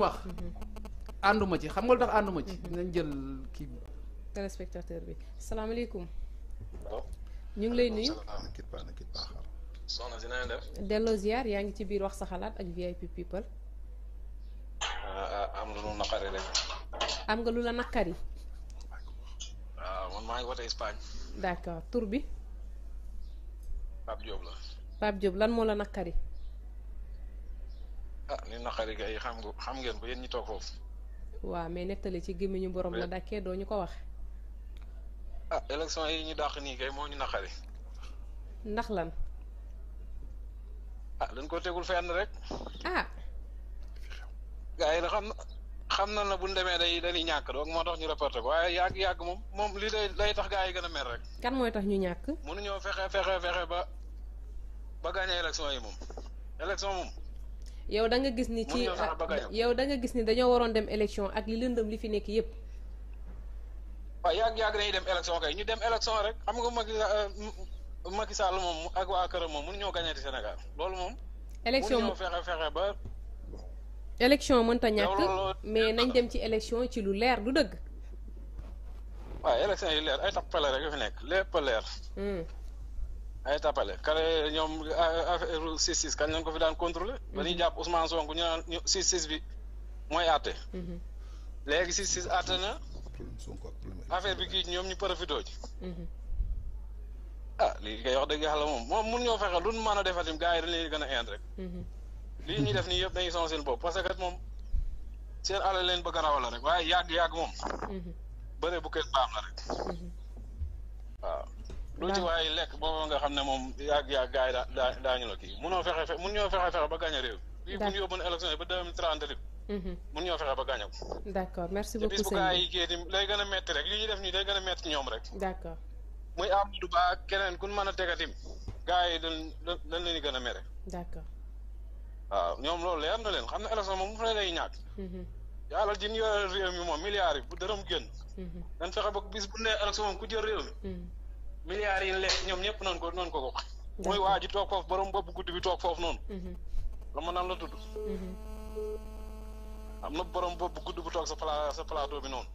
wax anduma ci xam nga lu tax anduma ci mhm. nañ jël ki bi téléspectateur bi alaykum ñu ngi lay nuyu soxna dina naa def delo ziar yaa ngi ci biir wax sa xalaat ak VIP people ah, am lu nu nakari rek am nga lu la nakari ah, man maa ngi wote Espagne d'accord tur bi pap Diop la pap Diop lan moo la naqari ah li naqari gars yi xam nga xam ngeen ko yéen ñi toog foofu. waaw mais nettali ci gémmiñu borom la dàkkee doo ñu ko wax. ah élection yi ñu dàq nii kay moo ñu naqari. ndax lan. ah dañ ko tegul fenn rek. ah. gars yi la xam xam na na bu ñu demee day dañuy ñàkk doog moo tax ñu reporté ko waaye yàgg yàgg moom moom li day day tax gaa yi gën a mer rek. kan mooy tax ñu ñàkk. mënuñoo fexe fexe fexe ba ba gagné élection yi moom élection moom. yow da nga gis ni ci yow da nga gis ni dañoo waroon dem élection ak li lëndëm li fi nekk yépp waaw yàgg yàgg dañuy dem élection kay ñu dem élection rek xam nga Macky euh, Macky Sall moom ak waa këram moom mënuñoo gañati Sénégal loolu moom élection mu fexe fexe ba élection mënta ñàkk mais nañ dem ci élection ci lu leer du dëgg waaw élection yi leer ay tappale rek yu fi nekk lépp leer hmm. ay tapale kare ñoom ah, ah, affaire six six kañ lañ ko fi daan contrôler dañuy mhm. jàpp Ousmane Sonko ñu naan ñu six six bi mooy àtte mhm. léegi six six àtte na affaire bi kii ñoom ñu profitoo ci mhm. ah lii kay wax dëgg yàlla moom moom mun ñoo fexe lu mën a defatim gars yi dañ gën a ind rek lii ñu def nii yëpp dañuy son seen bopp parce que moom seen alal leen bëgg a rawal la rek waaye yàgg-yàgg moom bëre bu kenn baam la rek jubluwaay lekk boobu nga xam ne moom yàgg yàgg gars yi daa daañu la kii munoo fexe fexe mun ñoo fexe fexe ba gagné réew. d' accord fii bu ñu yóbbuwoon élection yi ba deux mille trente rek. mun ñoo fexe ba gagné ko. d' accord merci beaucoup sëñ bi te bis bu gars yi kii lay gën a métti rek li ñuy def nii day gën a métti ñoom rek. d' accord muy Amadou Ba ak keneen ku ñu mën a tegatim gars yi dañ dañ leen di gën a mere. d' accord waaw ñoom loolu leer na leen xam ne élection moom mu fa lay ñàkk. yàlla di ñu yore réew mi moom milliards yi bu dërëm génn. dañ fexe ba bis bu ne élection moom ku jël réew mi milliards yi lekk ñoom ñëpp noonu ko nan ko ko. mooy waa ji toog foofu borom bopp guddi bi toog foofu noonu. Mhm. la ma la tudd. Mhm. am na borom bopp guddi bu toog sa pla sa plateau bi noonu.